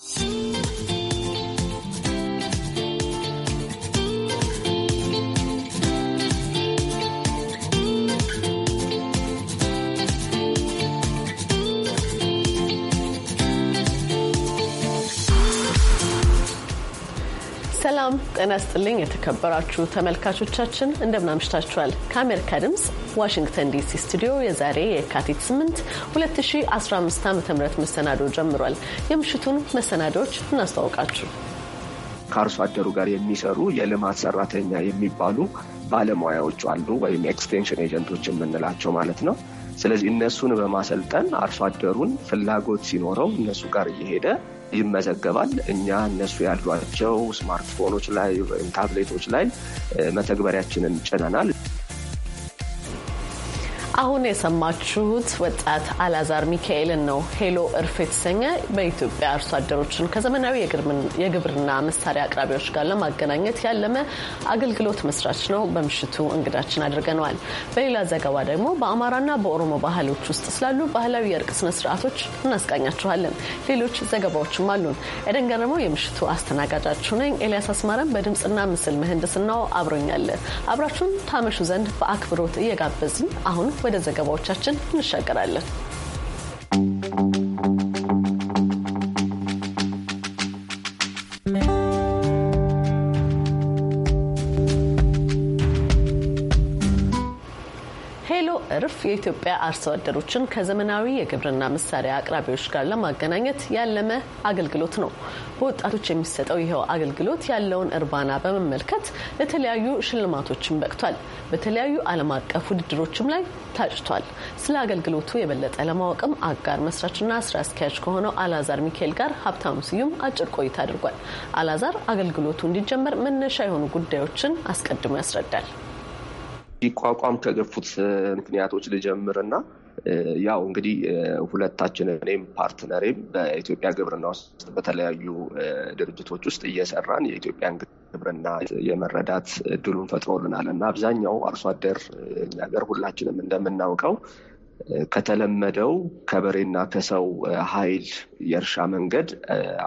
See? ሰላም ጤና ስጥልኝ። የተከበራችሁ ተመልካቾቻችን እንደምን አምሽታችኋል? ከአሜሪካ ድምፅ ዋሽንግተን ዲሲ ስቱዲዮ የዛሬ የካቲት 8 2015 ዓ ም መሰናዶ ጀምሯል። የምሽቱን መሰናዶዎች እናስተዋውቃችሁ። ከአርሶ አደሩ ጋር የሚሰሩ የልማት ሰራተኛ የሚባሉ ባለሙያዎች አሉ፣ ወይም ኤክስቴንሽን ኤጀንቶች የምንላቸው ማለት ነው። ስለዚህ እነሱን በማሰልጠን አርሶ አደሩን ፍላጎት ሲኖረው እነሱ ጋር እየሄደ ይመዘገባል። እኛ እነሱ ያሏቸው ስማርትፎኖች ላይ ወይም ታብሌቶች ላይ መተግበሪያችንን ጭነናል። አሁን የሰማችሁት ወጣት አላዛር ሚካኤልን ነው። ሄሎ እርፍ የተሰኘ በኢትዮጵያ አርሶ አደሮችን ከዘመናዊ የግብርና መሳሪያ አቅራቢዎች ጋር ለማገናኘት ያለመ አገልግሎት መስራች ነው። በምሽቱ እንግዳችን አድርገነዋል። በሌላ ዘገባ ደግሞ በአማራና በኦሮሞ ባህሎች ውስጥ ስላሉ ባህላዊ የእርቅ ስነ ስርዓቶች እናስቃኛችኋለን። ሌሎች ዘገባዎችም አሉን። ኤደን ገረመው የምሽቱ አስተናጋጃችሁ ነኝ። ኤልያስ አስማረም በድምፅና ምስል ምህንድስናው አብሮኛለን። አብራችሁን ታመሹ ዘንድ በአክብሮት እየጋበዝን አሁን ወደ ዘገባዎቻችን እንሻገራለን። ዘርፍ የኢትዮጵያ አርሶ አደሮችን ከዘመናዊ የግብርና መሳሪያ አቅራቢዎች ጋር ለማገናኘት ያለመ አገልግሎት ነው። በወጣቶች የሚሰጠው ይኸው አገልግሎት ያለውን እርባና በመመልከት ለተለያዩ ሽልማቶችን በቅቷል። በተለያዩ ዓለም አቀፍ ውድድሮችም ላይ ታጭቷል። ስለ አገልግሎቱ የበለጠ ለማወቅም አጋር መስራችና ስራ አስኪያጅ ከሆነው አላዛር ሚካኤል ጋር ሀብታሙ ስዩም አጭር ቆይታ አድርጓል። አላዛር አገልግሎቱ እንዲጀመር መነሻ የሆኑ ጉዳዮችን አስቀድሞ ያስረዳል። ሊቋቋም ከገፉት ምክንያቶች ልጀምርና ያው እንግዲህ ሁለታችን እኔም ፓርትነሬም በኢትዮጵያ ግብርና ውስጥ በተለያዩ ድርጅቶች ውስጥ እየሰራን የኢትዮጵያን ግብርና የመረዳት እድሉን ፈጥሮልናል እና አብዛኛው አርሶ አደር እኛ ሀገር ሁላችንም እንደምናውቀው ከተለመደው ከበሬና ከሰው ኃይል የእርሻ መንገድ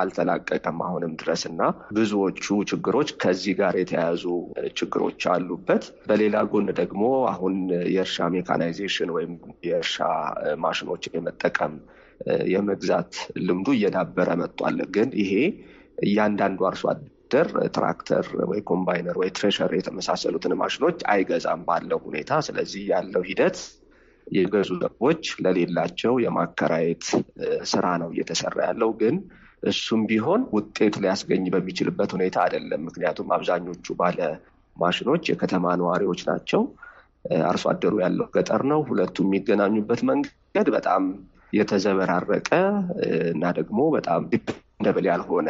አልተላቀቀም አሁንም ድረስ እና ብዙዎቹ ችግሮች ከዚህ ጋር የተያያዙ ችግሮች አሉበት። በሌላ ጎን ደግሞ አሁን የእርሻ ሜካናይዜሽን ወይም የእርሻ ማሽኖችን የመጠቀም የመግዛት ልምዱ እየዳበረ መጥቷል። ግን ይሄ እያንዳንዱ አርሶ አደር ትራክተር ወይ ኮምባይነር ወይ ትሬሸር የተመሳሰሉትን ማሽኖች አይገዛም ባለው ሁኔታ። ስለዚህ ያለው ሂደት የገዙ ዘቦች ለሌላቸው የማከራየት ስራ ነው እየተሰራ ያለው ግን እሱም ቢሆን ውጤት ሊያስገኝ በሚችልበት ሁኔታ አይደለም። ምክንያቱም አብዛኞቹ ባለ ማሽኖች የከተማ ነዋሪዎች ናቸው። አርሶ አደሩ ያለው ገጠር ነው። ሁለቱ የሚገናኙበት መንገድ በጣም የተዘበራረቀ እና ደግሞ በጣም ደብል ያልሆነ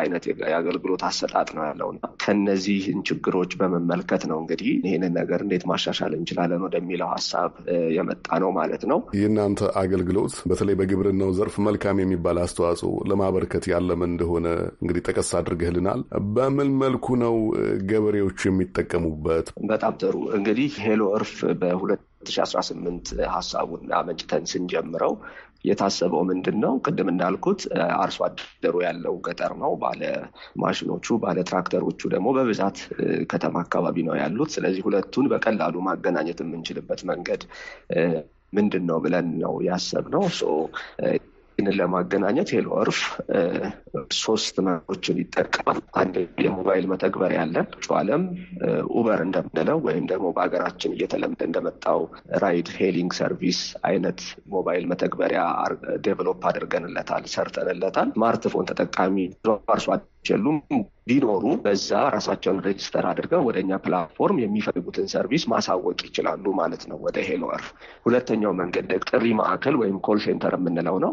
አይነት የአገልግሎት አሰጣጥ ነው ያለውና ከነዚህን ችግሮች በመመልከት ነው እንግዲህ ይህንን ነገር እንዴት ማሻሻል እንችላለን ወደሚለው ሀሳብ የመጣ ነው ማለት ነው። የእናንተ አገልግሎት በተለይ በግብርናው ዘርፍ መልካም የሚባል አስተዋጽኦ ለማበርከት ያለም እንደሆነ እንግዲህ ጠቀስ አድርገህልናል። በምን መልኩ ነው ገበሬዎቹ የሚጠቀሙበት? በጣም ጥሩ እንግዲህ ሄሎ እርፍ በሁለት 2018 ሀሳቡን አመንጭተን ስንጀምረው የታሰበው ምንድን ነው? ቅድም እንዳልኩት አርሶ አደሩ ያለው ገጠር ነው። ባለ ማሽኖቹ ባለ ትራክተሮቹ ደግሞ በብዛት ከተማ አካባቢ ነው ያሉት። ስለዚህ ሁለቱን በቀላሉ ማገናኘት የምንችልበት መንገድ ምንድን ነው ብለን ነው ያሰብነው። ይህንን ለማገናኘት ሄሎ እርፍ ሶስት መሮችን ይጠቀማል። አንድ የሞባይል መተግበሪያ ያለን ዓለም ኡበር እንደምንለው ወይም ደግሞ በሀገራችን እየተለመደ እንደመጣው ራይድ ሄሊንግ ሰርቪስ አይነት ሞባይል መተግበሪያ ዴቨሎፕ አድርገንለታል፣ ሰርተንለታል። ስማርትፎን ተጠቃሚ አርሶ የሉም ቢኖሩ በዛ ራሳቸውን ሬጅስተር አድርገው ወደ እኛ ፕላትፎርም የሚፈልጉትን ሰርቪስ ማሳወቅ ይችላሉ ማለት ነው። ወደ ሄሎወርፍ ሁለተኛው መንገድ ጥሪ ማዕከል ወይም ኮል ሴንተር የምንለው ነው።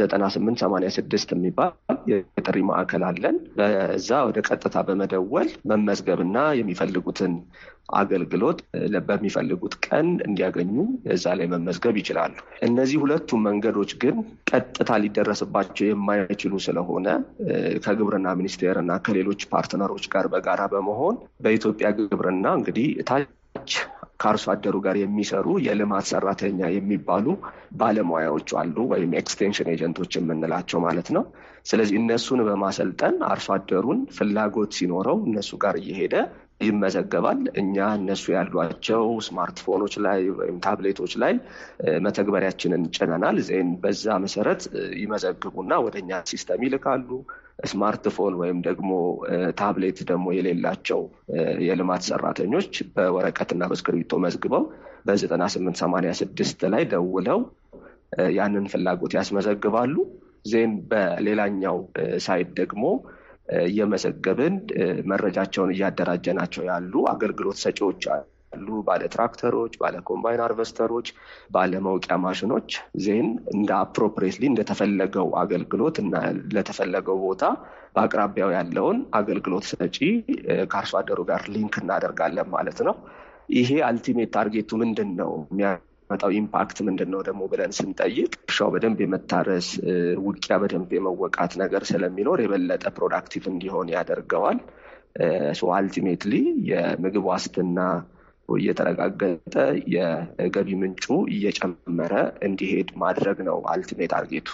ዘጠና ስምንት ሰማንያ ስድስት የሚባል የጥሪ ማዕከል አለን። በዛ ወደ ቀጥታ በመደወል መመዝገብና የሚፈልጉትን አገልግሎት በሚፈልጉት ቀን እንዲያገኙ እዛ ላይ መመዝገብ ይችላሉ። እነዚህ ሁለቱም መንገዶች ግን ቀጥታ ሊደረስባቸው የማይችሉ ስለሆነ ከግብርና ሚኒስቴር እና ከሌሎች ፓርትነሮች ጋር በጋራ በመሆን በኢትዮጵያ ግብርና እንግዲህ ታች ከአርሶ አደሩ ጋር የሚሰሩ የልማት ሰራተኛ የሚባሉ ባለሙያዎች አሉ፣ ወይም ኤክስቴንሽን ኤጀንቶች የምንላቸው ማለት ነው። ስለዚህ እነሱን በማሰልጠን አርሶ አደሩን ፍላጎት ሲኖረው እነሱ ጋር እየሄደ ይመዘገባል። እኛ እነሱ ያሏቸው ስማርትፎኖች ላይ ወይም ታብሌቶች ላይ መተግበሪያችንን ጭነናል። ዜን በዛ መሰረት ይመዘግቡና ወደ እኛ ሲስተም ይልካሉ። ስማርትፎን ወይም ደግሞ ታብሌት ደግሞ የሌላቸው የልማት ሰራተኞች በወረቀትና በእስክሪብቶ መዝግበው በዘጠና ስምንት ሰማንያ ስድስት ላይ ደውለው ያንን ፍላጎት ያስመዘግባሉ። ዜን በሌላኛው ሳይት ደግሞ እየመዘገብን መረጃቸውን እያደራጀናቸው ያሉ አገልግሎት ሰጪዎች አሉ። ባለ ትራክተሮች፣ ባለ ኮምባይን አርቨስተሮች፣ ባለ መውቂያ ማሽኖች ዜን እንደ አፕሮፕሬትሊ እንደተፈለገው አገልግሎት እና ለተፈለገው ቦታ በአቅራቢያው ያለውን አገልግሎት ሰጪ ከአርሶ አደሩ ጋር ሊንክ እናደርጋለን ማለት ነው። ይሄ አልቲሜት ታርጌቱ ምንድን ነው? የሚመጣው ኢምፓክት ምንድን ነው ደግሞ ብለን ስንጠይቅ እርሻው በደንብ የመታረስ ውቂያ በደንብ የመወቃት ነገር ስለሚኖር የበለጠ ፕሮዳክቲቭ እንዲሆን ያደርገዋል። አልቲሜትሊ የምግብ ዋስትና እየተረጋገጠ የገቢ ምንጩ እየጨመረ እንዲሄድ ማድረግ ነው አልቲሜት አርጌቱ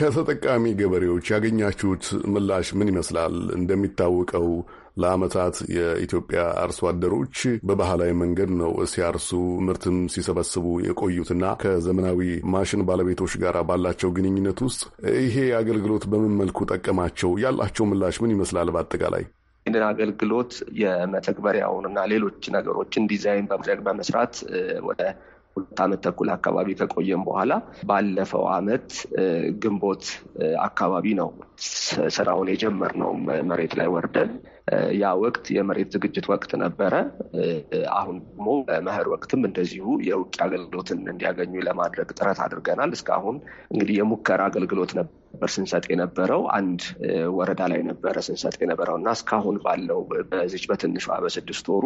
ከተጠቃሚ ገበሬዎች ያገኛችሁት ምላሽ ምን ይመስላል? እንደሚታወቀው ለዓመታት የኢትዮጵያ አርሶ አደሮች በባህላዊ መንገድ ነው ሲያርሱ ምርትም ሲሰበስቡ የቆዩትና ከዘመናዊ ማሽን ባለቤቶች ጋር ባላቸው ግንኙነት ውስጥ ይሄ አገልግሎት በምን መልኩ ጠቀማቸው? ያላቸው ምላሽ ምን ይመስላል? በአጠቃላይ ይህንን አገልግሎት የመተግበሪያውንና ሌሎች ነገሮችን ዲዛይን በማድረግ በመስራት ወደ ሁለት ዓመት ተኩል አካባቢ ከቆየም በኋላ ባለፈው ዓመት ግንቦት አካባቢ ነው ስራውን የጀመርነው መሬት ላይ ወርደን ያ ወቅት የመሬት ዝግጅት ወቅት ነበረ። አሁን ደግሞ መኸር ወቅትም እንደዚሁ የውጭ አገልግሎትን እንዲያገኙ ለማድረግ ጥረት አድርገናል። እስካሁን እንግዲህ የሙከራ አገልግሎት ነበር ነበር ስንሰጥ የነበረው አንድ ወረዳ ላይ ነበረ ስንሰጥ የነበረው እና እስካሁን ባለው በዚች በትንሿ በስድስት ወሩ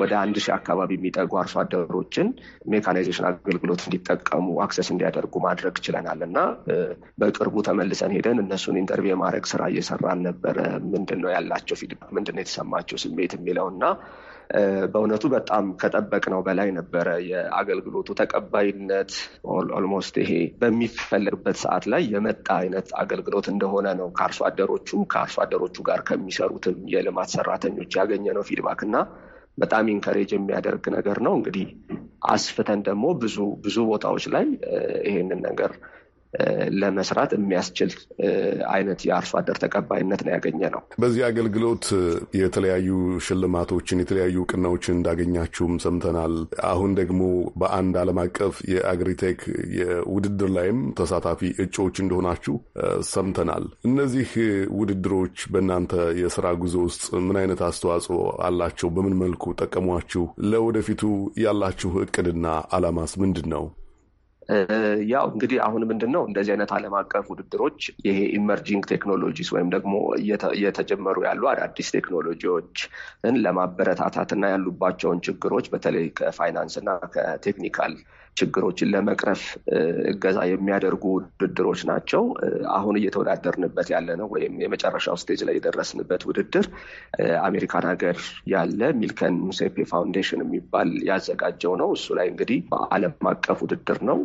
ወደ አንድ ሺህ አካባቢ የሚጠጉ አርሶ አደሮችን ሜካናይዜሽን አገልግሎት እንዲጠቀሙ አክሰስ እንዲያደርጉ ማድረግ ችለናል እና በቅርቡ ተመልሰን ሄደን እነሱን ኢንተርቪው የማድረግ ስራ እየሰራን ነበረ። ምንድን ነው ያላቸው ፊድባክ፣ ምንድን ነው የተሰማቸው ስሜት የሚለው እና በእውነቱ በጣም ከጠበቅነው በላይ ነበረ። የአገልግሎቱ ተቀባይነት ኦልሞስት ይሄ በሚፈለግበት ሰዓት ላይ የመጣ አይነት አገልግሎት እንደሆነ ነው ከአርሶ አደሮቹ ከአርሶ አደሮቹ ጋር ከሚሰሩትም የልማት ሰራተኞች ያገኘ ነው ፊድባክ እና በጣም ኢንከሬጅ የሚያደርግ ነገር ነው። እንግዲህ አስፍተን ደግሞ ብዙ ብዙ ቦታዎች ላይ ይሄንን ነገር ለመስራት የሚያስችል አይነት የአርሶ አደር ተቀባይነት ነው ያገኘ ነው። በዚህ አገልግሎት የተለያዩ ሽልማቶችን የተለያዩ እውቅናዎችን እንዳገኛችሁም ሰምተናል። አሁን ደግሞ በአንድ ዓለም አቀፍ የአግሪቴክ የውድድር ላይም ተሳታፊ እጩዎች እንደሆናችሁ ሰምተናል። እነዚህ ውድድሮች በእናንተ የስራ ጉዞ ውስጥ ምን አይነት አስተዋጽኦ አላቸው? በምን መልኩ ጠቀሟችሁ? ለወደፊቱ ያላችሁ እቅድና አላማስ ምንድን ነው? ያው እንግዲህ አሁን ምንድን ነው እንደዚህ አይነት ዓለም አቀፍ ውድድሮች ይሄ ኢመርጂንግ ቴክኖሎጂስ ወይም ደግሞ እየተጀመሩ ያሉ አዳዲስ ቴክኖሎጂዎችን ለማበረታታት እና ያሉባቸውን ችግሮች በተለይ ከፋይናንስ እና ከቴክኒካል ችግሮችን ለመቅረፍ እገዛ የሚያደርጉ ውድድሮች ናቸው። አሁን እየተወዳደርንበት ያለ ነው ወይም የመጨረሻው ስቴጅ ላይ የደረስንበት ውድድር አሜሪካን ሀገር ያለ ሚልከን ሙሴፔ ፋውንዴሽን የሚባል ያዘጋጀው ነው። እሱ ላይ እንግዲህ ዓለም አቀፍ ውድድር ነው።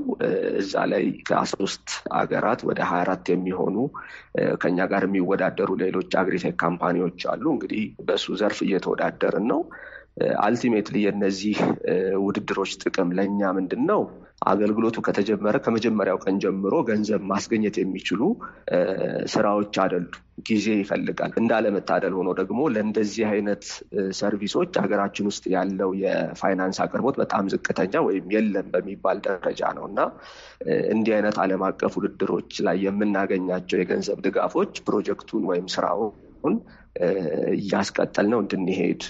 እዛ ላይ ከአስራ ሶስት ሀገራት ወደ ሀያ አራት የሚሆኑ ከኛ ጋር የሚወዳደሩ ሌሎች አግሪቴክ ካምፓኒዎች አሉ። እንግዲህ በሱ ዘርፍ እየተወዳደርን ነው። አልቲሜትሊ የነዚህ ውድድሮች ጥቅም ለእኛ ምንድን ነው? አገልግሎቱ ከተጀመረ ከመጀመሪያው ቀን ጀምሮ ገንዘብ ማስገኘት የሚችሉ ስራዎች አይደሉ ጊዜ ይፈልጋል። እንዳለመታደል ሆኖ ደግሞ ለእንደዚህ አይነት ሰርቪሶች ሀገራችን ውስጥ ያለው የፋይናንስ አቅርቦት በጣም ዝቅተኛ ወይም የለም በሚባል ደረጃ ነው እና እንዲህ አይነት ዓለም አቀፍ ውድድሮች ላይ የምናገኛቸው የገንዘብ ድጋፎች ፕሮጀክቱን ወይም ስራውን እያስቀጠል ነው እንድንሄድ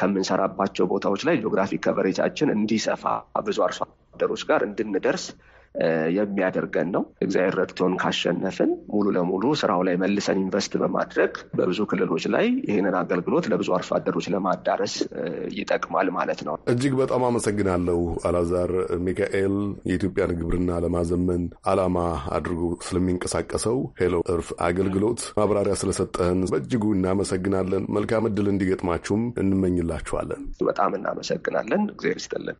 ከምንሰራባቸው ቦታዎች ላይ ጂኦግራፊክ ከቨሬጃችን እንዲሰፋ ብዙ አርሶ አደሮች ጋር እንድንደርስ የሚያደርገን ነው። እግዚአብሔር ረድቶን ካሸነፍን ሙሉ ለሙሉ ስራው ላይ መልሰን ኢንቨስት በማድረግ በብዙ ክልሎች ላይ ይህንን አገልግሎት ለብዙ አርሶ አደሮች ለማዳረስ ይጠቅማል ማለት ነው። እጅግ በጣም አመሰግናለሁ አላዛር ሚካኤል የኢትዮጵያን ግብርና ለማዘመን አላማ አድርጎ ስለሚንቀሳቀሰው ሄሎ እርፍ አገልግሎት ማብራሪያ ስለሰጠህን በእጅጉ እናመሰግናለን። መልካም እድል እንዲገጥማችሁም እንመኝላችኋለን። በጣም እናመሰግናለን። እግዚአብሔር ይስጥልን።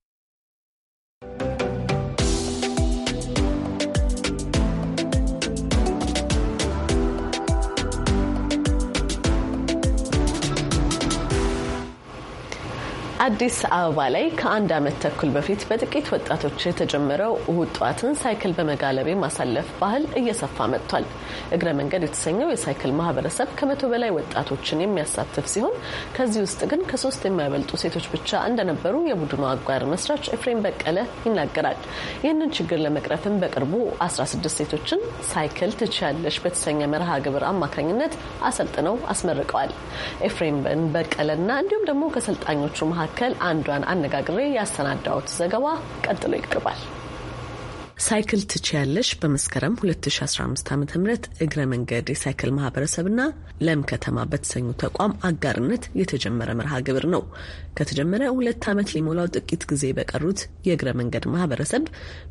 አዲስ አበባ ላይ ከአንድ ዓመት ተኩል በፊት በጥቂት ወጣቶች የተጀመረው እሁድ ጠዋትን ሳይክል በመጋለብ ማሳለፍ ባህል እየሰፋ መጥቷል። እግረ መንገድ የተሰኘው የሳይክል ማህበረሰብ ከመቶ በላይ ወጣቶችን የሚያሳትፍ ሲሆን ከዚህ ውስጥ ግን ከሶስት የማይበልጡ ሴቶች ብቻ እንደነበሩ የቡድኑ አጋር መስራች ኤፍሬም በቀለ ይናገራል። ይህንን ችግር ለመቅረፍም በቅርቡ 16 ሴቶችን ሳይክል ትችያለሽ በተሰኘ መርሃ ግብር አማካኝነት አሰልጥነው አስመርቀዋል። ኤፍሬም በቀለና እንዲሁም ደግሞ ከሰልጣኞቹ መካከል መካከል አንዷን አነጋግሬ ያሰናዳሁት ዘገባ ቀጥሎ ይቀርባል። ሳይክል ትችያለሽ በመስከረም 2015 ዓ ም እግረ መንገድ የሳይክል ማህበረሰብና ለም ከተማ በተሰኙ ተቋም አጋርነት የተጀመረ መርሃ ግብር ነው። ከተጀመረ ሁለት ዓመት ሊሞላው ጥቂት ጊዜ በቀሩት የእግረ መንገድ ማህበረሰብ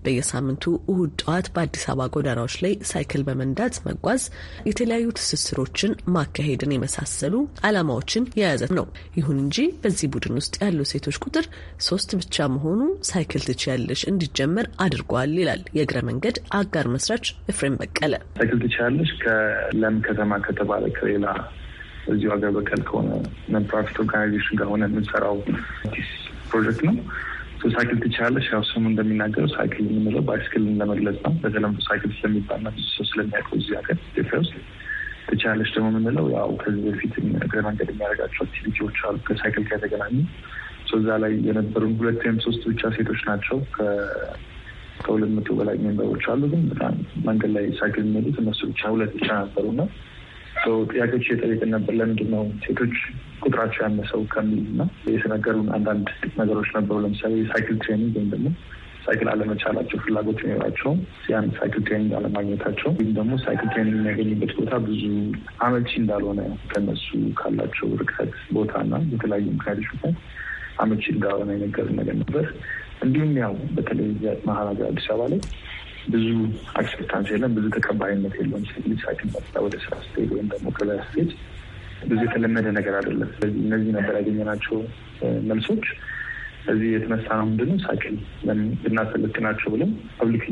በየሳምንቱ እሁድ ጠዋት በአዲስ አበባ ጎዳናዎች ላይ ሳይክል በመንዳት መጓዝ፣ የተለያዩ ትስስሮችን ማካሄድን የመሳሰሉ ዓላማዎችን የያዘ ነው። ይሁን እንጂ በዚህ ቡድን ውስጥ ያሉ ሴቶች ቁጥር ሶስት ብቻ መሆኑ ሳይክል ትችያለሽ እንዲጀመር አድርጓል ይላል ይላል የእግረ መንገድ አጋር መስራች ኤፍሬም በቀለ። ሳይክል ትችላለች ከለም ከተማ ከተባለ ከሌላ እዚሁ ሀገር በቀል ከሆነ ነን ፕሮፊት ኦርጋናይዜሽን ጋር ሆነ የምንሰራው አዲስ ፕሮጀክት ነው። ሳይክል ትችላለች ያው ስሙ እንደሚናገረው ሳይክል የምንለው ባይስክልን ለመግለጽ ነው። በተለምዶ ሳይክል ስለሚባልና ብዙ ሰው ስለሚያውቀው እዚህ ሀገር ኢትዮጵያ ውስጥ ትችላለች ደግሞ የምንለው ያው ከዚህ በፊት እግረ መንገድ የሚያደርጋቸው አክቲቪቲዎች አሉ ከሳይክል ጋር የተገናኙ እዛ ላይ የነበሩን ሁለት ወይም ሶስት ብቻ ሴቶች ናቸው ከሁለት መቶ በላይ ሜምበሮች አሉ። ግን በጣም መንገድ ላይ ሳይክል የሚሄዱት እነሱ ብቻ ሁለት ብቻ ነበሩ እና ጥያቄዎች የጠየቅን ነበር። ለምንድን ነው ሴቶች ቁጥራቸው ያነሰው ከሚል እና የተነገሩን አንዳንድ ነገሮች ነበሩ። ለምሳሌ ሳይክል ትሬኒንግ ወይም ደግሞ ሳይክል አለመቻላቸው፣ ፍላጎት የሚኖራቸው ያን ሳይክል ትሬኒንግ አለማግኘታቸው ወይም ደግሞ ሳይክል ትሬኒንግ የሚያገኝበት ቦታ ብዙ አመቺ እንዳልሆነ ከነሱ ካላቸው ርቀት ቦታና የተለያዩ ምክንያቶች ምክንያት አመቺ እንዳልሆነ የነገሩን ነገር ነበር። እንዲሁም ያው በተለይ መሀል አዲስ አበባ ላይ ብዙ አክሴፕታንስ የለም፣ ብዙ ተቀባይነት የለውም። ልጅ መጣ ወደ ስራ ስቴጅ ወይም ደግሞ ገበያ ስቴጅ ብዙ የተለመደ ነገር አይደለም። ስለዚህ እነዚህ ነበር ያገኘናቸው መልሶች። ከዚህ የተነሳ ነው ምንድን ሳቅን ናቸው ብለን ፐብሊክሊ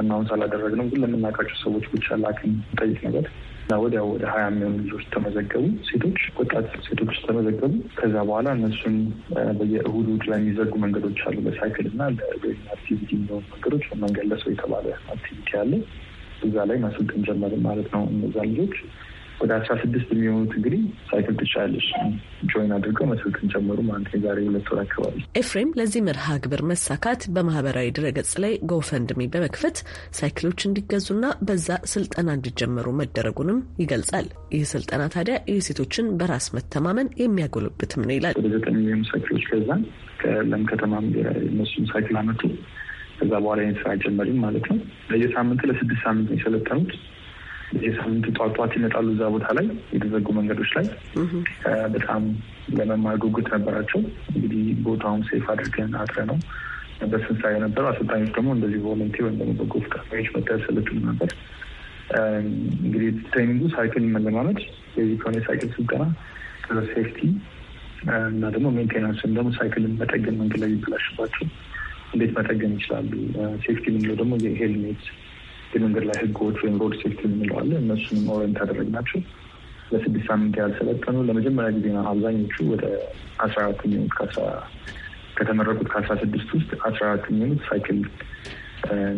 አናውንስ አላደረግነው፣ ግን ለምናውቃቸው ሰዎች ብቻ ላክን ጠይቅ ነገር እና ወዲያ ወደ ሀያ የሚሆኑ ልጆች ተመዘገቡ። ሴቶች ወጣት ሴቶች ተመዘገቡ። ከዛ በኋላ እነሱን በየእሁድ እሑድ ላይ የሚዘጉ መንገዶች አሉ። በሳይክል እና አክቲቪቲ የሚሆኑ መንገዶች መንገድ ለሰው የተባለ አክቲቪቲ አለ። እዛ ላይ ማሰልጠን ጀመርን ማለት ነው እነዛ ልጆች ወደ አስራ ስድስት የሚሆኑት እንግዲህ ሳይክል ትችላለች ጆይን አድርገው መስልትን ጨምሩ ማለት የዛሬ ሁለት ወር አካባቢ። ኤፍሬም ለዚህ መርሃ ግብር መሳካት በማህበራዊ ድረገጽ ላይ ጎፈንድሚ በመክፈት ሳይክሎች እንዲገዙና በዛ ስልጠና እንዲጀመሩ መደረጉንም ይገልጻል። ይህ ስልጠና ታዲያ የሴቶችን በራስ መተማመን የሚያጎለብትም ነው ይላል። ወደ ዘጠኝ የሚሆኑ ሳይክሎች ከዛ ከለም ከተማ እነሱን ሳይክል አመቱ። ከዛ በኋላ ይህን ስራ ጀመሪም ማለት ነው። ለየሳምንት ለስድስት ሳምንት ነው የሰለጠኑት የሳምንቱ ጧት ጧት ይመጣሉ እዛ ቦታ ላይ የተዘጉ መንገዶች ላይ በጣም ለመማር ጉጉት ነበራቸው። እንግዲህ ቦታውን ሴፍ አድርገን አጥረ ነው በስንሳ የነበሩ አሰልጣኞች ደግሞ እንደዚህ ቮለንቲር ወይም ደግሞ በጎ ፍቃደኞች መታሰልትም ነበር። እንግዲህ ትሬኒንጉ ሳይክል መለማመድ የዚህ ከሆነ የሳይክል ስልጠና ሴፍቲ እና ደግሞ ሜንቴናንስ ወይም ደግሞ ሳይክልን መጠገን መንገድ ላይ ይበላሽባቸው እንዴት መጠገን ይችላሉ። ሴፍቲ የምንለው ደግሞ የሄልሜት የመንገድ ላይ ህጎች ወይም ሮድ ሴፍቲ የምንለዋለ እነሱንም ኦሬንት ያደረግናቸው ለስድስት ሳምንት ያልሰለጠኑ ለመጀመሪያ ጊዜ ነው። አብዛኞቹ ወደ አስራ አራት የሚሆኑት ከተመረቁት ከአስራ ስድስት ውስጥ አስራ አራት የሚሆኑት ሳይክል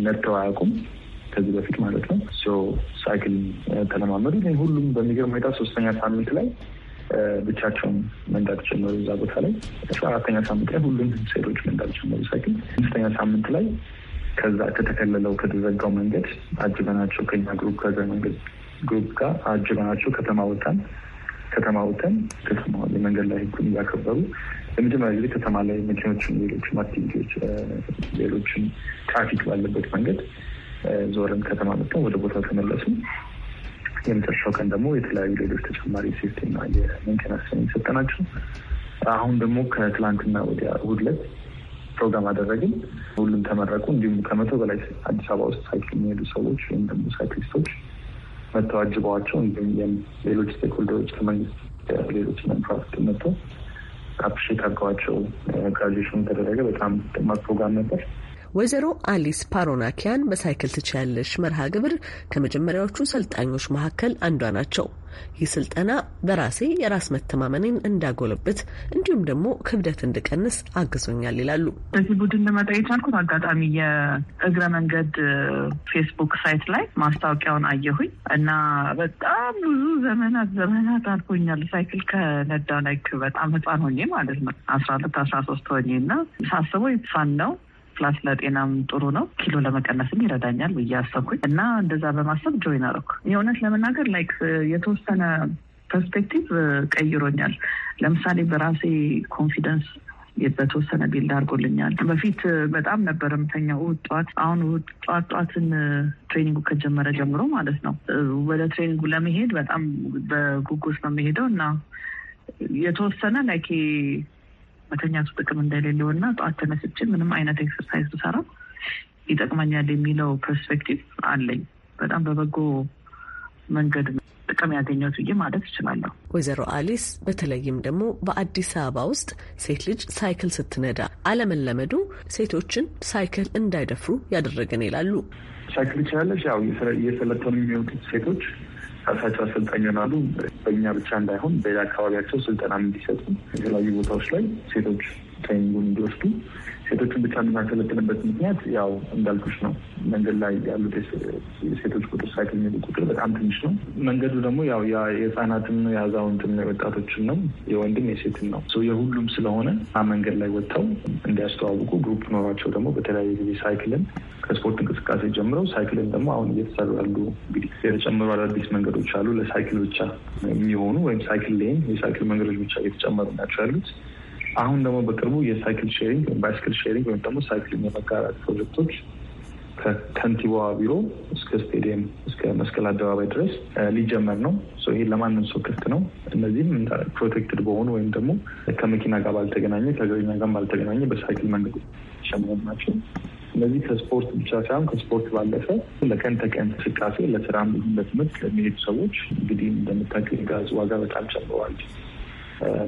ነድተው አያውቁም ከዚህ በፊት ማለት ነው። ሳይክል ተለማመዱ። ሁሉም በሚገርም ሁኔታ ሶስተኛ ሳምንት ላይ ብቻቸውን መንዳት ጀመሩ። እዛ ቦታ ላይ አራተኛ ሳምንት ላይ ሁሉም ሴቶች መንዳት ጀመሩ ሳይክል። አምስተኛ ሳምንት ላይ ከዛ ከተከለለው ከተዘጋው መንገድ አጅበናቸው ከኛ ግሩፕ ከዛ መንገድ ግሩፕ ጋር አጅበናቸው ከተማ ወጣን። ከተማ ወጥተን ከተማ የመንገድ ላይ ህጉን እያከበሩ ለመጀመሪያ ጊዜ ከተማ ላይ መኪኖችን፣ ሌሎችም አክቲቪቲዎች፣ ሌሎችም ትራፊክ ባለበት መንገድ ዞረን ከተማ መጣን። ወደ ቦታው ተመለሱ። የመጨረሻው ቀን ደግሞ የተለያዩ ሌሎች ተጨማሪ ሴፍቲና የሜንቴናንስ ሰጠናቸው። አሁን ደግሞ ከትላንትና ወዲያ እሑድ ዕለት ፕሮግራም አደረግን። ሁሉም ተመረቁ። እንዲሁም ከመቶ በላይ አዲስ አበባ ውስጥ ሳይክል የሚሄዱ ሰዎች ወይም ደግሞ ሳይክሊስቶች መጥተው አጅበዋቸው እንዲሁም ሌሎች ስቴክሆልደሮች ከመንግስት ሌሎች መንፋት መጥተው አፕሪሼት አድርገዋቸው ግራጁዌሽን ተደረገ። በጣም ደማቅ ፕሮግራም ነበር። ወይዘሮ አሊስ ፓሮናኪያን በሳይክል ትችያለሽ መርሃ ግብር ከመጀመሪያዎቹ ሰልጣኞች መካከል አንዷ ናቸው። ይህ ስልጠና በራሴ የራስ መተማመኔን እንዳጎለብት እንዲሁም ደግሞ ክብደት እንድቀንስ አግዞኛል ይላሉ። በዚህ ቡድን ልመጣ የቻልኩት አጋጣሚ የእግረ መንገድ ፌስቡክ ሳይት ላይ ማስታወቂያውን አየሁኝ እና በጣም ብዙ ዘመናት ዘመናት አልፎኛል ሳይክል ከነዳ ላይክ በጣም ህፃን ሆኜ ማለት ነው አስራ ሁለት አስራ ሶስት ሆኜ እና ሳስበው የተሳን ነው ፕላስ ለጤናም ጥሩ ነው። ኪሎ ለመቀነስም ይረዳኛል ብዬ አሰብኩኝ እና እንደዛ በማሰብ ጆይን አረኩ። የእውነት ለመናገር ላይክ የተወሰነ ፐርስፔክቲቭ ቀይሮኛል። ለምሳሌ በራሴ ኮንፊደንስ በተወሰነ ቢልድ አድርጎልኛል። በፊት በጣም ነበር የምተኛው እሑድ ጠዋት። አሁን እሑድ ጠዋት ጠዋትን ትሬኒንጉ ከጀመረ ጀምሮ ማለት ነው ወደ ትሬኒንጉ ለመሄድ በጣም በጉጉት ነው የምሄደው እና የተወሰነ ላይክ መተኛቱ ጥቅም እንደሌለው እና ጠዋት ተነስቼ ምንም አይነት ኤክሰርሳይዝ ብሰራ ይጠቅመኛል የሚለው ፐርስፔክቲቭ አለኝ። በጣም በበጎ መንገድ ነው ጥቅም ያገኘሁት ብዬ ማለት እችላለሁ። ወይዘሮ አሊስ በተለይም ደግሞ በአዲስ አበባ ውስጥ ሴት ልጅ ሳይክል ስትነዳ አለመለመዱ ሴቶችን ሳይክል እንዳይደፍሩ ያደረገን ይላሉ። ሳይክል ይችላለች። ያው እየሰለጠኑ የሚወጡት ሴቶች ራሳቸው አሰልጣኝ ይሆናሉ። በእኛ ብቻ እንዳይሆን በሌላ አካባቢያቸው ስልጠና እንዲሰጡ የተለያዩ ቦታዎች ላይ ሴቶች ትሬኒንጉን እንዲወስዱ ሴቶቹን ብቻ የምናሰለጥንበት ምክንያት ያው እንዳልኩሽ ነው። መንገድ ላይ ያሉት ሴቶች ቁጥር ሳይክል ቁጥር በጣም ትንሽ ነው። መንገዱ ደግሞ ያው የህፃናትን ነው የአዛውንትን ነው የወጣቶችን ነው የወንድም የሴትን ነው የሁሉም ስለሆነ መንገድ ላይ ወጥተው እንዲያስተዋውቁ ግሩፕ ኖሯቸው ደግሞ በተለያየ ጊዜ ሳይክልን ከስፖርት እንቅስቃሴ ጀምረው ሳይክልን ደግሞ አሁን እየተሰሩ ያሉ እንግዲህ የተጨመሩ አዳዲስ መንገዶች አሉ ለሳይክል ብቻ የሚሆኑ ወይም ሳይክል ላይም የሳይክል መንገዶች ብቻ እየተጨመሩ ናቸው ያሉት አሁን ደግሞ በቅርቡ የሳይክል ሼሪንግ ወይም ባይስክል ሼሪንግ ወይም ደግሞ ሳይክልን የመጋራት ፕሮጀክቶች ከከንቲባዋ ቢሮ እስከ ስቴዲየም እስከ መስቀል አደባባይ ድረስ ሊጀመር ነው። ይሄ ለማንም ሰው ክፍት ነው። እነዚህም ፕሮቴክትድ በሆኑ ወይም ደግሞ ከመኪና ጋር ባልተገናኘ ከእግረኛ ጋር ባልተገናኘ በሳይክል መንገድ ሸመሆኑ ናቸው። እነዚህ ከስፖርት ብቻ ሳይሆን ከስፖርት ባለፈ ለቀን ተቀን እንቅስቃሴ ለስራም፣ ለትምህርት ለሚሄዱ ሰዎች እንግዲህ እንደምታውቁት የጋዝ ዋጋ በጣም ጨምረዋል።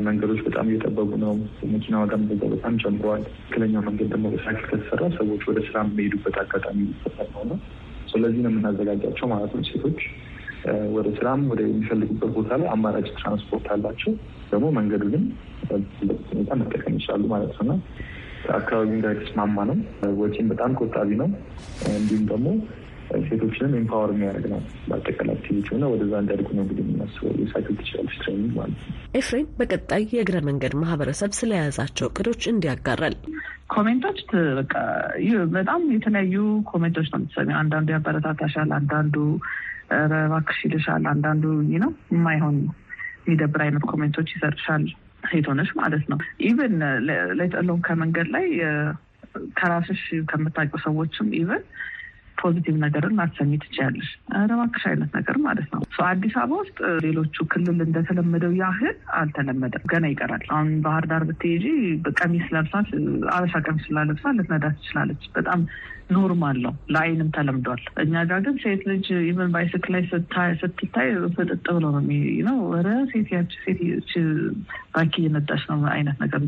መንገዶች በጣም እየጠበቡ ነው። መኪና ዋጋ መገዛ በጣም ጨምረዋል። ትክክለኛው መንገድ ደግሞ በሳይክል ከተሰራ ሰዎች ወደ ስራ የሚሄዱበት አጋጣሚ ይፈጠር ነው ነው ስለዚህ ነው የምናዘጋጃቸው ማለት ነው። ሴቶች ወደ ስራም ወደ የሚፈልጉበት ቦታ ላይ አማራጭ ትራንስፖርት አላቸው። ደግሞ መንገዱንም ሁኔታ መጠቀም ይችላሉ ማለት ነው። ከአካባቢ ጋር የተስማማ ነው። ወጪም በጣም ቆጣቢ ነው። እንዲሁም ደግሞ ሴቶችንም ኤምፓወር የሚያደርግ ነው። በአጠቃላይ አክቲቪቲ ሆነ ወደዛ እንዲያድጉ ነው እንግዲህ የምናስበው የሳይክል ትችላለች ትሬኒንግ ማለት ነው። ኤፍሬም በቀጣይ የእግረ መንገድ ማህበረሰብ ስለያዛቸው እቅዶች እንዲያጋራል። ኮሜንቶች በቃ በጣም የተለያዩ ኮሜንቶች ነው የምትሰሚው። አንዳንዱ ያበረታታሻል፣ አንዳንዱ ኧረ እባክሽ ይልሻል፣ አንዳንዱ ነው የማይሆን የሚደብር አይነት ኮሜንቶች ይሰርሻል። ሴት ሆነሽ ማለት ነው ኢቨን ለጠሎም ከመንገድ ላይ ከራስሽ ከምታውቂው ሰዎችም ኢቨን ፖዚቲቭ ነገርን ማሰኝ ትችያለሽ። ኧረ እባክሽ አይነት ነገር ማለት ነው። አዲስ አበባ ውስጥ ሌሎቹ ክልል እንደተለመደው ያህል አልተለመደም፣ ገና ይቀራል። አሁን ባህር ዳር ብትሄጂ ቀሚስ ለብሳት አበሻ ቀሚስ ላለብሳ ልትነዳ ትችላለች። በጣም ኖርማል ነው፣ ለአይንም ተለምዷል። እኛ ጋር ግን ሴት ልጅ ኢቨን ባይስክ ላይ ስትታይ ፍጥጥ ብሎ ነው ነው ረ ሴት ያች ሴት ባኪ እየነዳች ነው አይነት ነገር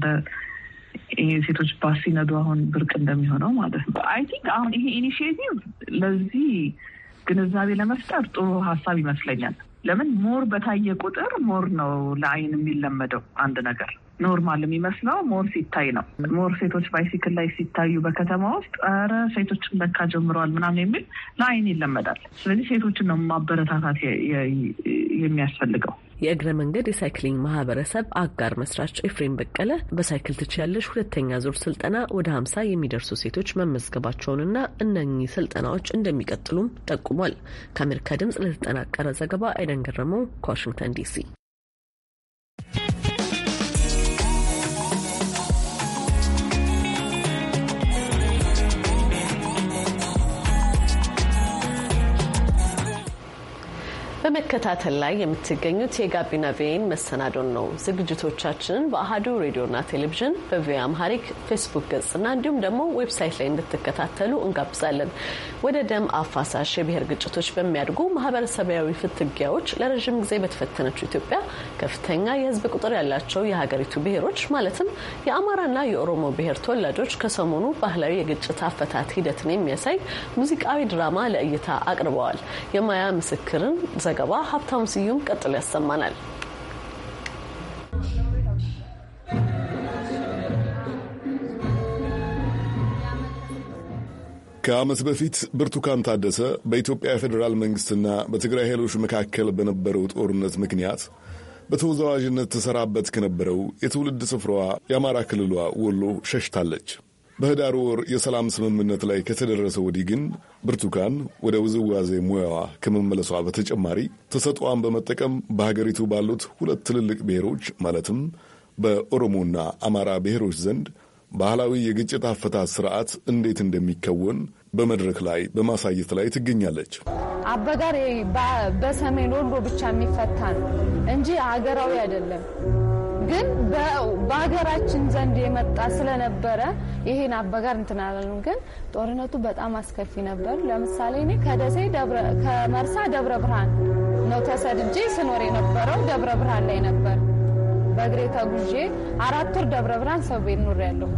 የሴቶች ባስ ሲነዱ አሁን ብርቅ እንደሚሆነው ማለት ነው። አይ ቲንክ አሁን ይሄ ኢኒሽቲቭ ለዚህ ግንዛቤ ለመፍጠር ጥሩ ሀሳብ ይመስለኛል። ለምን ሞር በታየ ቁጥር ሞር ነው ለአይን የሚለመደው አንድ ነገር ኖርማል የሚመስለው ሞር ሲታይ ነው። ሞር ሴቶች ባይሲክል ላይ ሲታዩ በከተማ ውስጥ ኧረ ሴቶችን ለካ ጀምረዋል ምናምን የሚል ለአይን ይለመዳል። ስለዚህ ሴቶችን ነው ማበረታታት የሚያስፈልገው። የእግረ መንገድ የሳይክሊንግ ማህበረሰብ አጋር መስራች ኤፍሬም በቀለ በሳይክል ትችያለሽ ሁለተኛ ዙር ስልጠና ወደ ሀምሳ የሚደርሱ ሴቶች መመዝገባቸውንና እነኚህ ስልጠናዎች እንደሚቀጥሉም ጠቁሟል። ከአሜሪካ ድምጽ ለተጠናቀረ ዘገባ አይደን ገረመው ከዋሽንግተን ዲሲ በመከታተል ላይ የምትገኙት የጋቢና ቬይን መሰናዶን ነው። ዝግጅቶቻችንን በአህዱ ሬዲዮና ቴሌቪዥን በቪኦኤ አምሃሪክ ፌስቡክ ገጽና እንዲሁም ደግሞ ዌብሳይት ላይ እንድትከታተሉ እንጋብዛለን። ወደ ደም አፋሳሽ የብሔር ግጭቶች በሚያድጉ ማህበረሰባዊ ፍትጊያዎች ለረዥም ጊዜ በተፈተነችው ኢትዮጵያ ከፍተኛ የህዝብ ቁጥር ያላቸው የሀገሪቱ ብሔሮች ማለትም የአማራና የኦሮሞ ብሔር ተወላጆች ከሰሞኑ ባህላዊ የግጭት አፈታት ሂደትን የሚያሳይ ሙዚቃዊ ድራማ ለእይታ አቅርበዋል። የማያ ምስክርን ዘገባ ሀብታሙ ስዩም ቀጥሎ ያሰማናል። ከዓመት በፊት ብርቱካን ታደሰ በኢትዮጵያ ፌዴራል መንግሥትና በትግራይ ኃይሎች መካከል በነበረው ጦርነት ምክንያት በተወዛዋዥነት ተሰራበት ከነበረው የትውልድ ስፍራዋ የአማራ ክልሏ ወሎ ሸሽታለች። በህዳር ወር የሰላም ስምምነት ላይ ከተደረሰ ወዲህ ግን ብርቱካን ወደ ውዝዋዜ ሙያዋ ከመመለሷ በተጨማሪ ተሰጥኦዋን በመጠቀም በሀገሪቱ ባሉት ሁለት ትልልቅ ብሔሮች ማለትም በኦሮሞና አማራ ብሔሮች ዘንድ ባህላዊ የግጭት አፈታት ስርዓት እንዴት እንደሚከወን በመድረክ ላይ በማሳየት ላይ ትገኛለች። አበጋሪ በሰሜን ወሎ ብቻ የሚፈታ ነው እንጂ ሀገራዊ አይደለም። ግን በሀገራችን ዘንድ የመጣ ስለነበረ ይሄን አበጋር እንትናለን ግን ጦርነቱ በጣም አስከፊ ነበር። ለምሳሌ እኔ ከደሴ ከመርሳ ደብረ ብርሃን ነው ተሰድጄ ስኖር የነበረው ደብረ ብርሃን ላይ ነበር። በእግሬ ተጉዤ አራት ወር ደብረ ብርሃን ሰው ቤት ኑር ያለው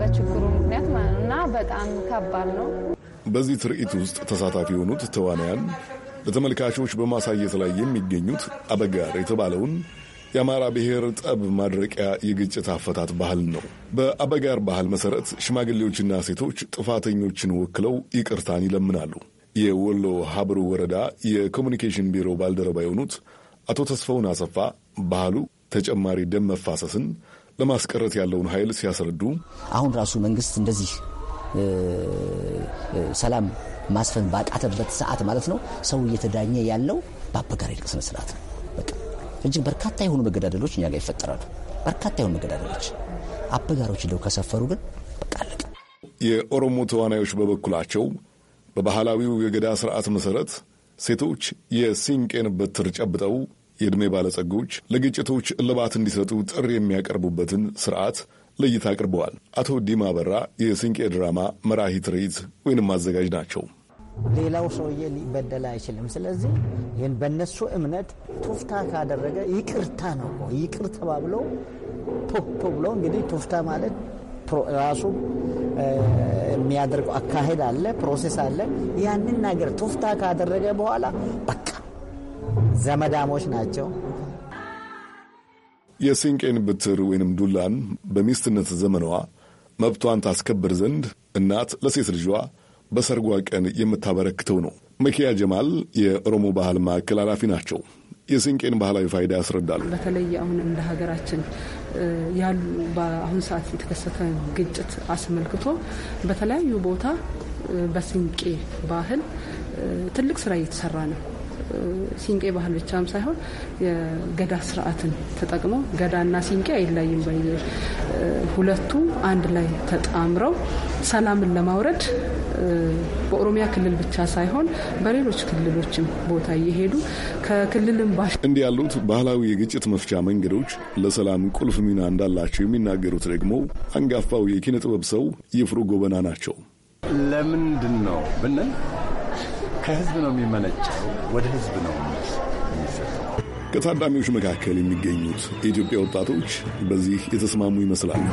በችግሩ ምክንያት ማለት እና በጣም ከባድ ነው። በዚህ ትርኢት ውስጥ ተሳታፊ የሆኑት ተዋናያን ለተመልካቾች በማሳየት ላይ የሚገኙት አበጋር የተባለውን የአማራ ብሔር ጠብ ማድረቂያ የግጭት አፈታት ባህል ነው። በአበጋር ባህል መሰረት ሽማግሌዎችና ሴቶች ጥፋተኞችን ወክለው ይቅርታን ይለምናሉ። የወሎ ሀብሩ ወረዳ የኮሚኒኬሽን ቢሮ ባልደረባ የሆኑት አቶ ተስፋውን አሰፋ ባህሉ ተጨማሪ ደም መፋሰስን ለማስቀረት ያለውን ኃይል ሲያስረዱ አሁን ራሱ መንግስት እንደዚህ ሰላም ማስፈን ባቃተበት ሰዓት ማለት ነው ሰው እየተዳኘ ያለው በአበጋር ይልቅ ስነ ነው እጅግ በርካታ የሆኑ መገዳደሎች እኛ ጋር ይፈጠራሉ። በርካታ የሆኑ መገዳደሎች አበጋሮች ለው ከሰፈሩ ግን በቃ አለቀ። የኦሮሞ ተዋናዮች በበኩላቸው በባህላዊው የገዳ ስርዓት መሰረት ሴቶች የሲንቄን በትር ጨብጠው የዕድሜ ባለጸጎች ለግጭቶች እልባት እንዲሰጡ ጥሪ የሚያቀርቡበትን ስርዓት ለእይታ አቅርበዋል። አቶ ዲማ በራ የሲንቄ ድራማ መራሂ ትርኢት ወይንም አዘጋጅ ናቸው። ሌላው ሰውዬ ሊበደል አይችልም። ስለዚህ ይህን በእነሱ እምነት ቱፍታ ካደረገ ይቅርታ ነው። ይቅር ተባብሎ ቶቶ ብሎ እንግዲህ ቱፍታ ማለት ራሱ የሚያደርገው አካሄድ አለ፣ ፕሮሴስ አለ። ያንን ነገር ቱፍታ ካደረገ በኋላ በቃ ዘመዳሞች ናቸው። የሲንቄን ብትር ወይንም ዱላን በሚስትነት ዘመኗ መብቷን ታስከብር ዘንድ እናት ለሴት ልጇ በሰርጓ ቀን የምታበረክተው ነው። መኪያ ጀማል የኦሮሞ ባህል ማዕከል ኃላፊ ናቸው። የስንቄን ባህላዊ ፋይዳ ያስረዳሉ። በተለይ አሁን እንደ ሀገራችን ያሉ በአሁን ሰዓት የተከሰተ ግጭት አስመልክቶ በተለያዩ ቦታ በስንቄ ባህል ትልቅ ስራ እየተሰራ ነው። ሲንቄ ባህል ብቻም ሳይሆን የገዳ ስርዓትን ተጠቅመው ገዳና ሲንቄ አይለይም በየ ሁለቱ አንድ ላይ ተጣምረው ሰላምን ለማውረድ በኦሮሚያ ክልል ብቻ ሳይሆን በሌሎች ክልሎችም ቦታ እየሄዱ ከክልልም ባ እንዲህ ያሉት ባህላዊ የግጭት መፍቻ መንገዶች ለሰላም ቁልፍ ሚና እንዳላቸው የሚናገሩት ደግሞ አንጋፋው የኪነ ጥበብ ሰው ይፍሩ ጎበና ናቸው። ለምንድን ነው ብንል ከህዝብ ነው የሚመነጨው፣ ወደ ህዝብ ነው የሚሰጠው። ከታዳሚዎች መካከል የሚገኙት የኢትዮጵያ ወጣቶች በዚህ የተስማሙ ይመስላሉ።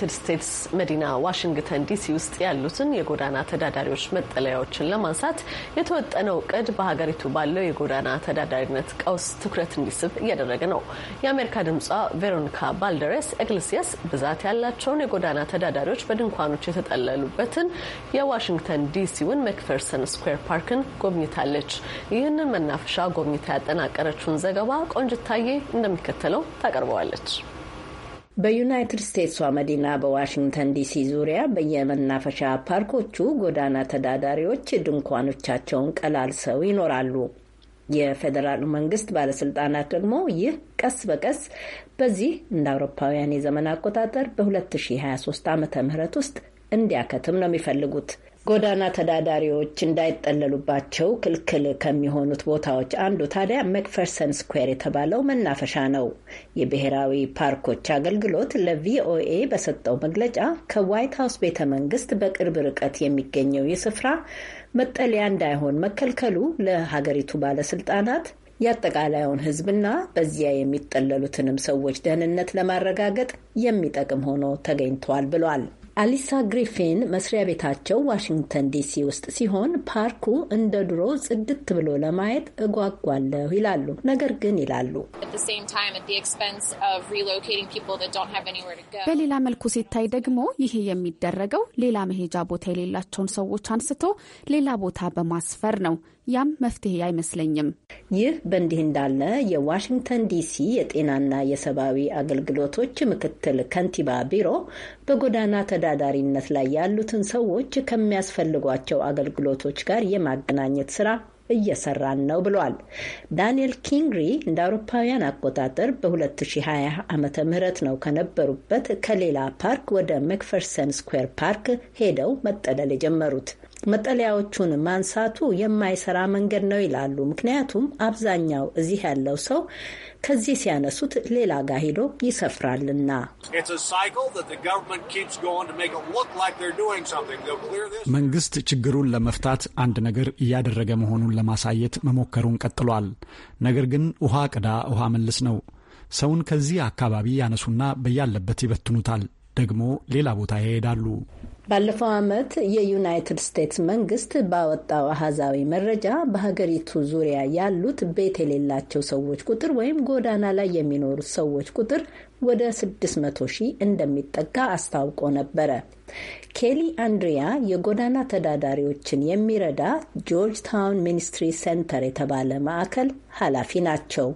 ዩናይትድ ስቴትስ መዲና ዋሽንግተን ዲሲ ውስጥ ያሉትን የጎዳና ተዳዳሪዎች መጠለያዎችን ለማንሳት የተወጠነው እቅድ በሀገሪቱ ባለው የጎዳና ተዳዳሪነት ቀውስ ትኩረት እንዲስብ እያደረገ ነው። የአሜሪካ ድምጿ ቬሮኒካ ባልደሬስ ኤግሊሲያስ ብዛት ያላቸውን የጎዳና ተዳዳሪዎች በድንኳኖች የተጠለሉበትን የዋሽንግተን ዲሲውን መክፈርሰን ስኩዌር ፓርክን ጎብኝታለች። ይህንን መናፈሻ ጎብኝታ ያጠናቀረችውን ዘገባ ቆንጅታዬ እንደሚከተለው ታቀርበዋለች። በዩናይትድ ስቴትሷ መዲና በዋሽንግተን ዲሲ ዙሪያ በየመናፈሻ ፓርኮቹ ጎዳና ተዳዳሪዎች ድንኳኖቻቸውን ቀላልሰው ይኖራሉ። የፌዴራሉ መንግስት ባለስልጣናት ደግሞ ይህ ቀስ በቀስ በዚህ እንደ አውሮፓውያን የዘመን አቆጣጠር በ2023 ዓ ም ውስጥ እንዲያከትም ነው የሚፈልጉት። ጎዳና ተዳዳሪዎች እንዳይጠለሉባቸው ክልክል ከሚሆኑት ቦታዎች አንዱ ታዲያ መክፈርሰን ስኩዌር የተባለው መናፈሻ ነው። የብሔራዊ ፓርኮች አገልግሎት ለቪኦኤ በሰጠው መግለጫ ከዋይት ሀውስ ቤተ መንግስት በቅርብ ርቀት የሚገኘው የስፍራ ስፍራ መጠለያ እንዳይሆን መከልከሉ ለሀገሪቱ ባለስልጣናት የአጠቃላዩን ሕዝብና በዚያ የሚጠለሉትንም ሰዎች ደህንነት ለማረጋገጥ የሚጠቅም ሆኖ ተገኝቷል ብሏል። አሊሳ ግሪፊን መስሪያ ቤታቸው ዋሽንግተን ዲሲ ውስጥ ሲሆን ፓርኩ እንደ ድሮ ጽድት ብሎ ለማየት እጓጓለሁ ይላሉ። ነገር ግን ይላሉ፣ በሌላ መልኩ ሲታይ ደግሞ ይሄ የሚደረገው ሌላ መሄጃ ቦታ የሌላቸውን ሰዎች አንስቶ ሌላ ቦታ በማስፈር ነው። ያም መፍትሄ አይመስለኝም። ይህ በእንዲህ እንዳለ የዋሽንግተን ዲሲ የጤናና የሰብአዊ አገልግሎቶች ምክትል ከንቲባ ቢሮ በጎዳና ተዳዳሪነት ላይ ያሉትን ሰዎች ከሚያስፈልጓቸው አገልግሎቶች ጋር የማገናኘት ስራ እየሰራን ነው ብሏል። ዳንኤል ኪንግሪ እንደ አውሮፓውያን አቆጣጠር በ2020 ዓ ም ነው ከነበሩበት ከሌላ ፓርክ ወደ መክፈርሰን ስኩዌር ፓርክ ሄደው መጠለል የጀመሩት። መጠለያዎቹን ማንሳቱ የማይሰራ መንገድ ነው ይላሉ። ምክንያቱም አብዛኛው እዚህ ያለው ሰው ከዚህ ሲያነሱት ሌላ ጋ ሄዶ ይሰፍራልና መንግስት ችግሩን ለመፍታት አንድ ነገር እያደረገ መሆኑን ለማሳየት መሞከሩን ቀጥሏል። ነገር ግን ውሃ ቅዳ ውሃ መልስ ነው። ሰውን ከዚህ አካባቢ ያነሱና በያለበት ይበትኑታል። ደግሞ ሌላ ቦታ ይሄዳሉ። ባለፈው ዓመት የዩናይትድ ስቴትስ መንግስት ባወጣው አሃዛዊ መረጃ በሀገሪቱ ዙሪያ ያሉት ቤት የሌላቸው ሰዎች ቁጥር ወይም ጎዳና ላይ የሚኖሩት ሰዎች ቁጥር ወደ 600 ሺህ እንደሚጠጋ አስታውቆ ነበረ። ኬሊ አንድሪያ የጎዳና ተዳዳሪዎችን የሚረዳ ጆርጅ ታውን ሚኒስትሪ ሴንተር የተባለ ማዕከል ኃላፊ ናቸው።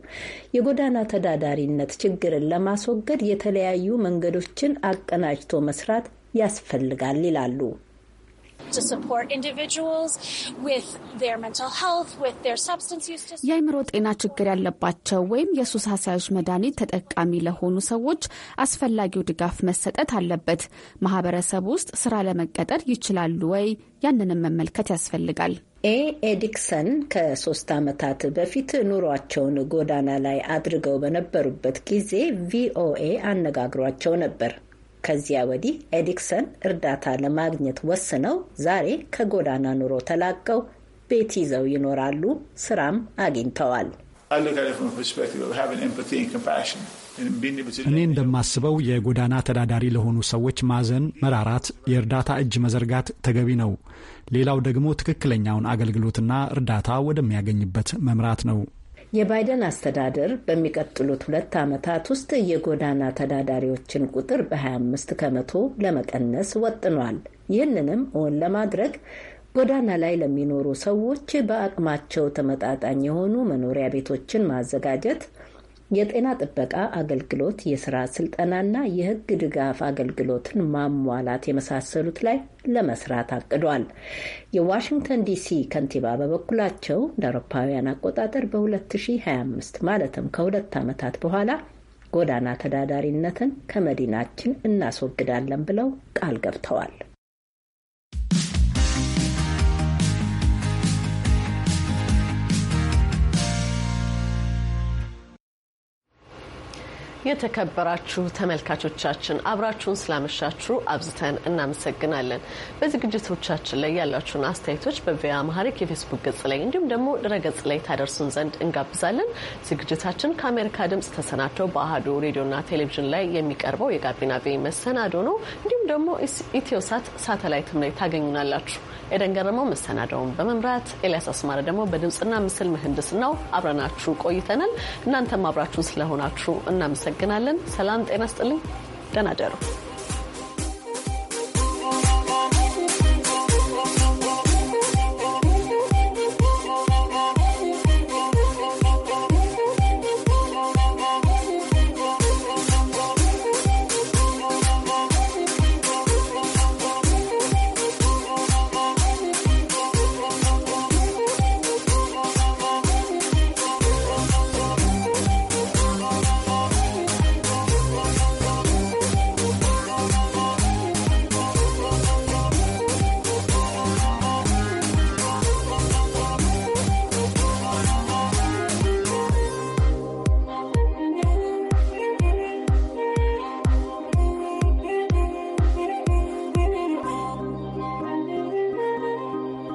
የጎዳና ተዳዳሪነት ችግርን ለማስወገድ የተለያዩ መንገዶችን አቀናጅቶ መስራት ያስፈልጋል ይላሉ። የአይምሮ ጤና ችግር ያለባቸው ወይም የሱስ አስያዥ መድኃኒት ተጠቃሚ ለሆኑ ሰዎች አስፈላጊው ድጋፍ መሰጠት አለበት። ማህበረሰብ ውስጥ ስራ ለመቀጠር ይችላሉ ወይ? ያንንም መመልከት ያስፈልጋል። ኤ ኤዲክሰን ከሶስት ዓመታት በፊት ኑሯቸውን ጎዳና ላይ አድርገው በነበሩበት ጊዜ ቪኦኤ አነጋግሯቸው ነበር። ከዚያ ወዲህ ኤዲክሰን እርዳታ ለማግኘት ወስነው ዛሬ ከጎዳና ኑሮ ተላቀው ቤት ይዘው ይኖራሉ። ስራም አግኝተዋል። እኔ እንደማስበው የጎዳና ተዳዳሪ ለሆኑ ሰዎች ማዘን፣ መራራት፣ የእርዳታ እጅ መዘርጋት ተገቢ ነው። ሌላው ደግሞ ትክክለኛውን አገልግሎትና እርዳታ ወደሚያገኝበት መምራት ነው። የባይደን አስተዳደር በሚቀጥሉት ሁለት ዓመታት ውስጥ የጎዳና ተዳዳሪዎችን ቁጥር በ25 ከመቶ ለመቀነስ ወጥኗል። ይህንንም እውን ለማድረግ ጎዳና ላይ ለሚኖሩ ሰዎች በአቅማቸው ተመጣጣኝ የሆኑ መኖሪያ ቤቶችን ማዘጋጀት የጤና ጥበቃ አገልግሎት፣ የስራ ስልጠናና የህግ ድጋፍ አገልግሎትን ማሟላት የመሳሰሉት ላይ ለመስራት አቅዷል። የዋሽንግተን ዲሲ ከንቲባ በበኩላቸው እንደ አውሮፓውያን አቆጣጠር በ2025 ማለትም ከሁለት ዓመታት በኋላ ጎዳና ተዳዳሪነትን ከመዲናችን እናስወግዳለን ብለው ቃል ገብተዋል። የተከበራችሁ ተመልካቾቻችን አብራችሁን ስላመሻችሁ አብዝተን እናመሰግናለን። በዝግጅቶቻችን ላይ ያላችሁን አስተያየቶች በቪያ ማህሪክ የፌስቡክ ገጽ ላይ እንዲሁም ደግሞ ድረ ገጽ ላይ ታደርሱን ዘንድ እንጋብዛለን። ዝግጅታችን ከአሜሪካ ድምጽ ተሰናድተው በአህዶ ሬዲዮና ቴሌቪዥን ላይ የሚቀርበው የጋቢና ቪ መሰናዶ ነው። እንዲሁም ደግሞ ኢትዮሳት ሳተላይትም ላይ ታገኙናላችሁ። ኤደን ገረመው መሰናደውን በመምራት ኤልያስ አስማረ ደግሞ በድምፅና ምስል ምህንድስ ነው አብረናችሁ ቆይተናል። እናንተም አብራችሁን ስለሆናችሁ እናመሰግናለን። ሰላም ጤና ስጥልኝ። ደህና ደሩ።